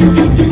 Thank you.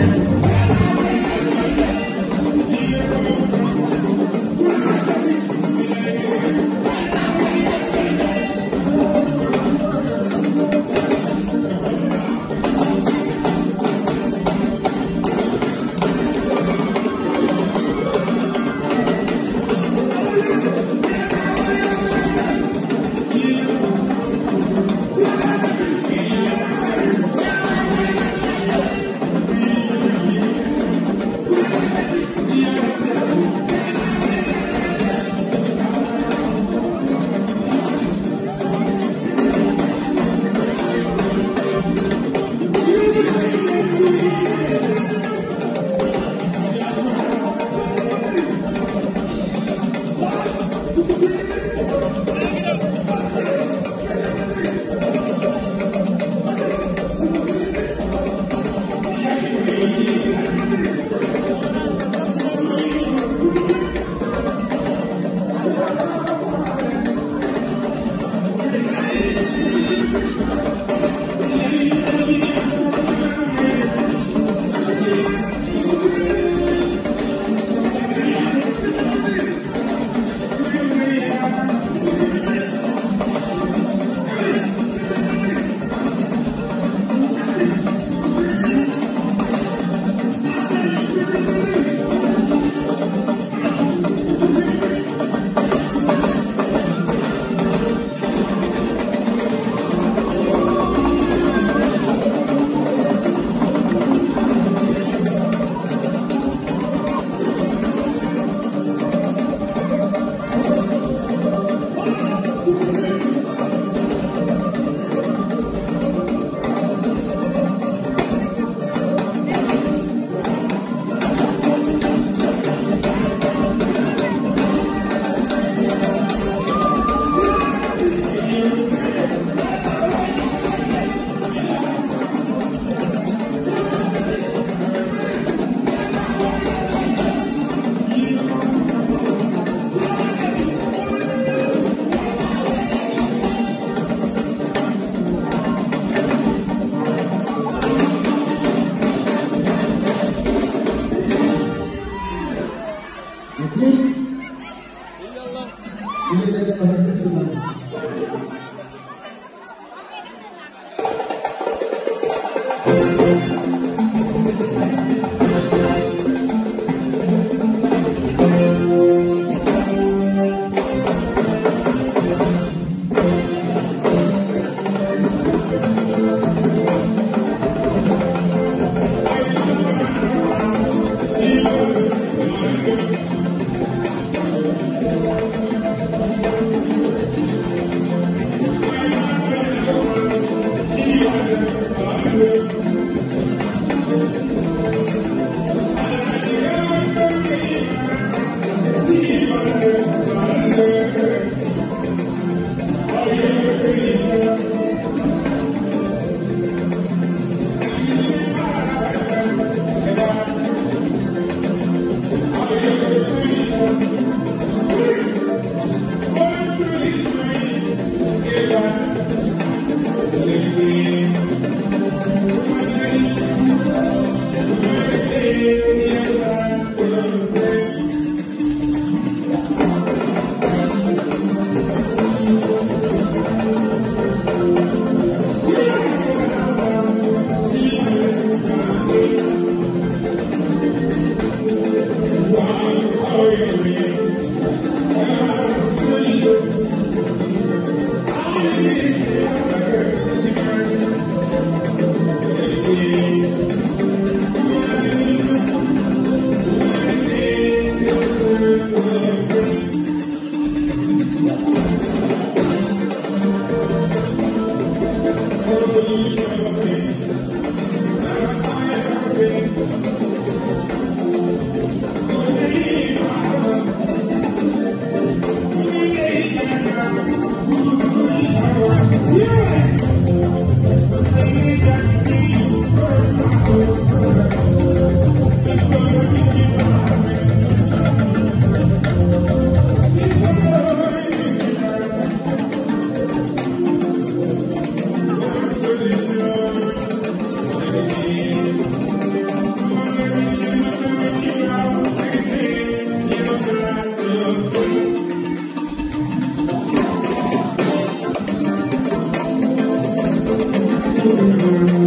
Thank you. Okey. Ini ada masalah. Thank you. Thank you.